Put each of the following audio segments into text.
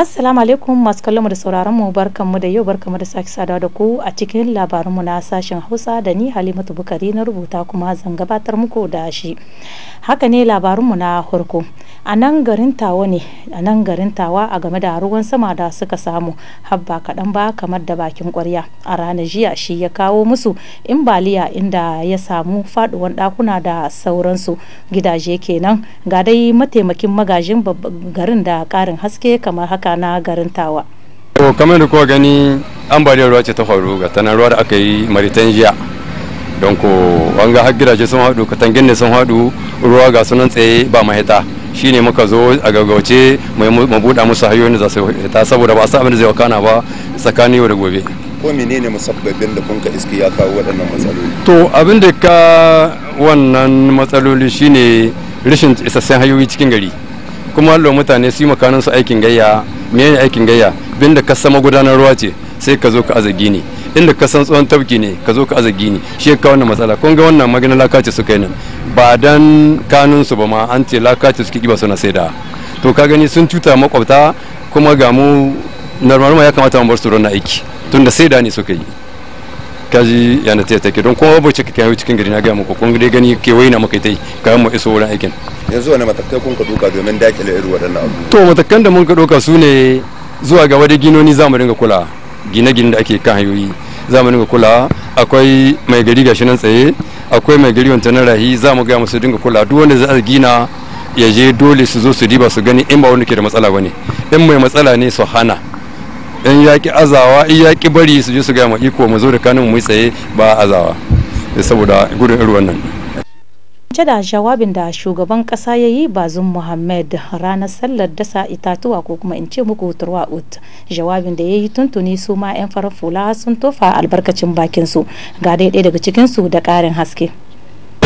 paz Assalamu alaikum masu kallon mu da sauraron mu barkan mu da yau barkanmu da sake sada da ku a cikin labarin mu na sashen Hausa da ni Halimatu Bukari na rubuta kuma zan gabatar muku da shi. Haka ne labarin mu na horko. A nan garin Tawa ne, a nan garin Tawa a game da ruwan sama da suka samu habba kaɗan ba kamar da bakin ƙwarya. A ranar jiya shi ya kawo musu imbaliya inda ya samu faduwan ɗakuna da sauransu gidaje kenan ga dai mataimakin magajin garin da ƙarin haske kamar haka na garin tawa to kamar da kuka gani ambaliyar ruwa ce ta faru ga tana ruwa da aka yi maritan jiya don ko an ga har gidaje sun haɗu katangin ne sun haɗu ruwa ga sunan tsaye ba shi shine muka zo a gaggauce mu buɗa musu hanyoyin za su hita saboda ba a san abin da zai wakana ba tsakanin yau da gobe ko menene musabbabin da kunka iski ya kawo waɗannan matsaloli to abin da ka wannan matsaloli shine rashin isasshen hanyoyi cikin gari kuma lo mutane su yi makanin su aikin gayya menene aikin gayya binda ka sama gudanar ruwa ce sai ka zo ka azagi ne inda ka san tsohon tafki ne ka zo ka azagi ne shi ka wannan matsala kun ga wannan maganin lakaci suka yi nan ba dan kanun su ba ma an ce lakaci suke kiba suna saida to ka gani sun cuta makwabta kuma ga mu normal ya kamata mu bar su na aiki tunda saida ne suka yi kaji yana ta take don kuma bai cika kai cikin gari na ga muku kun dai gani ke waina muka tai ka mu iso wurin aikin yanzu wani matakai kun ka doka domin dakile irin waɗannan abu to matakan da mun ka doka su ne zuwa gaba da ginoni za mu dinga kula gine-gine da ake kan hanyoyi za mu dinga kula akwai mai gari gashi nan tsaye akwai mai gari wanta na rahi za mu ga musu dinga kula duk wanda za a gina ya je dole su zo su diba su gani in ba wani ke da matsala bane in mai matsala ne su hana yan yaƙi azawa in bari su je su gaya ma iko mu zo da kanin mu tsaye ba azawa eh, saboda gudun irin wannan ce da jawabin da shugaban kasa ya yi bazin muhammed ranar sallar dasa itatuwa ko kuma in ce muku turwa ut jawabin da ya yi tuntuni su ma 'yan farar fula sun tofa albarkacin bakinsu ga daidai daga cikinsu da ƙarin haske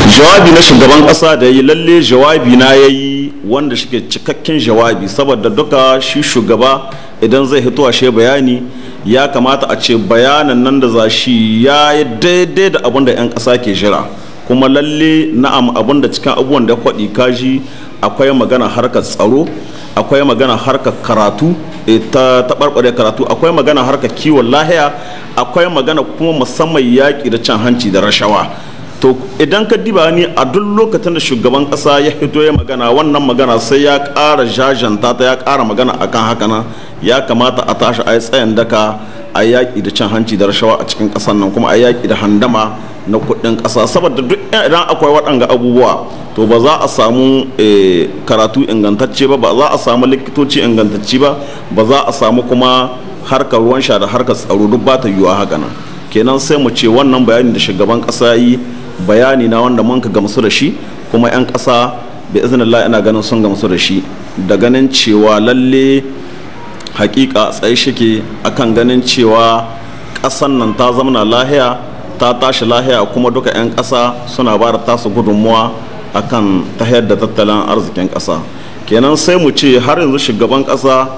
jawabi na shugaban kasa da yi lalle jawabi na ya yi wanda shi cikakken jawabi saboda duka shi shugaba idan zai hito ashe bayani ya kamata a ce bayanan nan da za shi ya yi daidai da abin da 'yan kasa ke jira kuma lalle na'am abin da cikin abubuwan da kwaɗi kaji akwai magana harkar tsaro akwai magana harkar karatu eh, ta taɓarɓare karatu akwai magana harkar kiwon lahiya akwai magana kuma musamman yaƙi da cin hanci da rashawa to idan ka diba ni a duk lokacin da shugaban kasa ya hito ya magana wannan magana sai ya ƙara jajanta ta ya ƙara magana akan haka nan ya kamata a tashi a yi tsayin daka a yaƙi da cin hanci da rashawa a cikin kasan nan kuma a yaƙi da handama na kuɗin ƙasa saboda duk idan akwai waɗanga abubuwa to ba za a samu eh, karatu ingantacce ba ba za a samu likitoci ingantacce ba ba za a samu kuma harkar ruwan sha da harkar tsaro duk ba ta yiwuwa haka nan kenan sai mu ce wannan bayani da shugaban ƙasa yi bayani na wanda mun ka gamsu da shi kuma 'yan ƙasa bi iznillah ina ganin sun gamsu da shi da ganin cewa lalle hakika tsaye shike akan ganin cewa ƙasan nan ta zamana lahiya ta tashi lahiya kuma duka 'yan ƙasa suna ba da tasu gudunmuwa akan ta da tattalin arzikin ƙasa kenan sai mu ce har yanzu shugaban ƙasa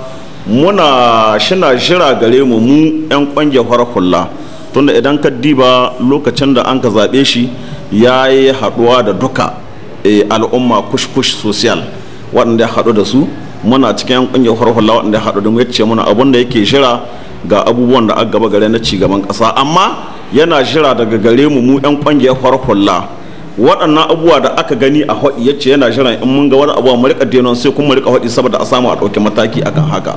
muna shina jira gare mu mu 'yan ƙungiyar hula tunda idan ka diba lokacin da an ka zaɓe shi ya yi haɗuwa da duka eh, al'umma kush-kush social waɗanda ya haɗu da su muna cikin ƙungiyar farfalla waɗanda ya haɗu da mu yace ce muna abin da yake shira ga abubuwan da aka gaba gare na cigaban ƙasa amma yana shira daga gare mu mu 'yan ƙungiyar farfalla waɗannan abubuwa da aka gani a haɗi yace yana shira in mun ga wani abu mu rika denon sai kuma rika haɗi saboda a samu a ɗauki mataki akan haka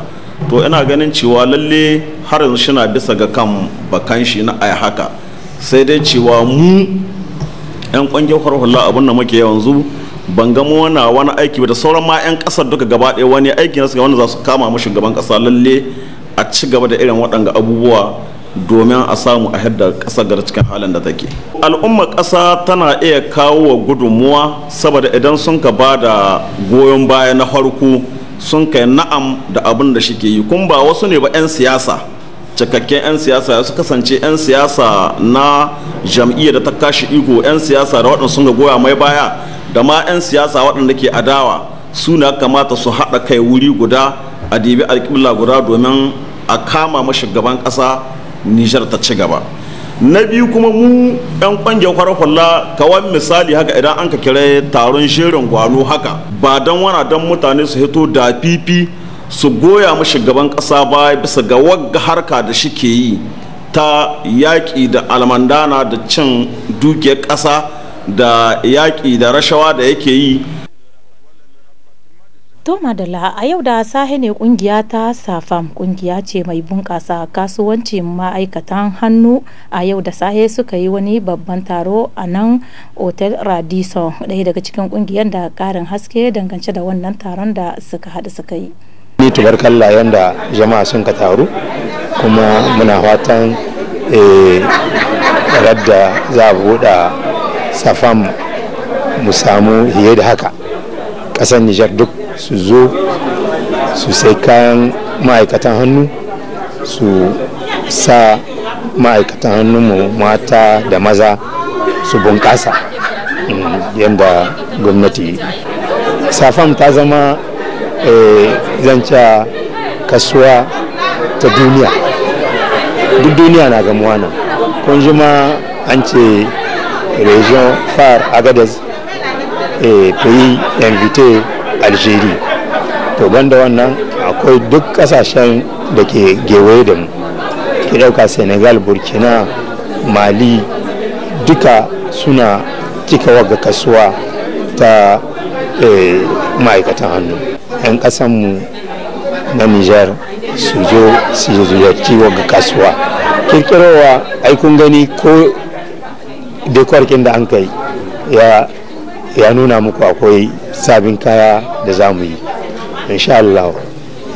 to ina ganin cewa lalle har yanzu shina bisa ga kan bakan shi na ai haka sai dai cewa mu yan kungiyar harhula abin da muke yanzu ban gamo wani wani aiki da sauran ma yan kasar duka gaba ɗaya wani aiki na suka wanda za su kama mu shugaban kasa lalle a ci gaba da irin waɗanga abubuwa domin a samu a hadda kasar gara cikin halin da take al'ummar kasa tana iya kawo wa gudunmuwa saboda idan sun ka ba da goyon baya na farko sun kai na'am da abin da shi ke yi kun ba wasu ne ba 'yan siyasa cikakken 'yan siyasa ya su kasance 'yan siyasa na jam'iyyar da ta kashi iko 'yan siyasa da waɗanda sun ga goya mai baya da ma 'yan siyasa waɗanda ke adawa su na kamata su haɗa kai wuri guda a dibi alƙibla guda domin a kama mashigaban ƙasa nijar ta ci gaba na biyu kuma mu yan kwangen kwallo kawai misali haka idan an ka kira taron shirin gwano haka ba don wana don mutane su hito da pipi su goya mu shugaban kasa ba bisa ga wagga harka da shi ke yi ta yaƙi da almandana da cin dukiyar ƙasa da yaƙi da rashawa da yake yi To Madalla a yau da sahe ne kungiya ta Safam kungiya ce mai bunƙasa kasuwancin ma'aikatan hannu a yau da sahe suka yi wani babban taro a nan Otel Radisson ɗaya daga cikin kungiyar da ƙarin haske dangance da wannan taron da suka haɗu suka yi. Ni kalla yanda jama'a sun ka taru kuma muna fatan eh, radda za a buɗa Safam mu samu hiye da haka ƙasar Nijar duk su zo su sai kayan ma'aikatan hannu su sa ma'aikatan hannunmu mata da maza su bunƙasa mm, yadda gwamnati safam ta zama eh, zanca kasuwa ta duniya duk duniya na gamuwa nan kun ji ma an ce region far agadez pays eh, invité algeria to banda wannan akwai duk kasashen da ke gewaye da mu ke dauka senegal burkina mali duka suna cika waga kasuwa ta eh, ma'aikatan hannu 'yan kasanmu na nijar su zo su ziyarci waga kasuwa kirkirowa aikun gani ko dekwarkin da an kai ya ya nuna muku akwai sabin kaya da za mu yi Allah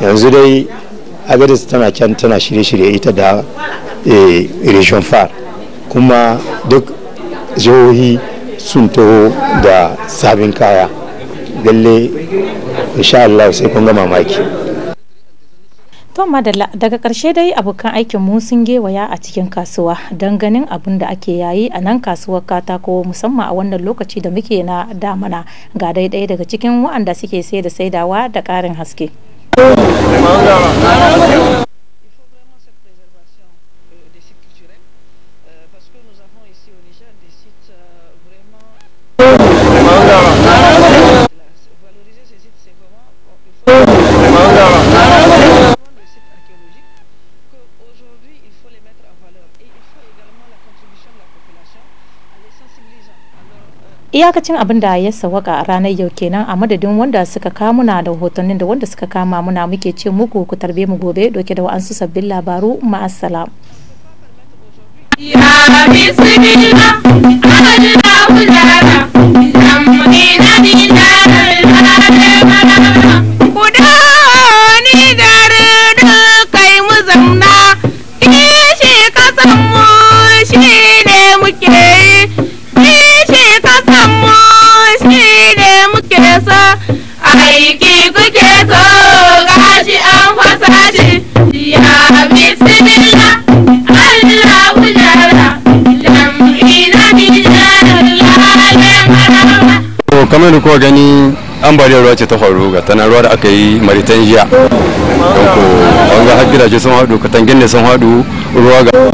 yanzu dai agadis tana can tana shirye-shirye ita da eh, region far kuma duk jihohi sun taho da sabin kaya lalle insha Allah sai kun ga mamaki To madalla daga karshe dai abokan aikin mu sun gewaya a cikin kasuwa don ganin abin da ake yayi a nan kasuwar katako musamman a wannan lokaci da muke na damana ga dai ɗaya daga cikin waɗanda suke sai da saidawa da ƙarin haske. iyakacin abin da ya sawaka a ranar yau kenan a madadin wanda suka kamuna da hotonin da wanda suka kama muna muke ce muku ku tarbe mu gobe doke da wa'ansu sabbin labaru ma'assalam kamar da kuka gani ambaliyar ruwa ce ta faru ga tana ruwa da aka yi maritan jiya don ko wanga har gidaje sun haɗu katangin ne sun haɗu ruwa ga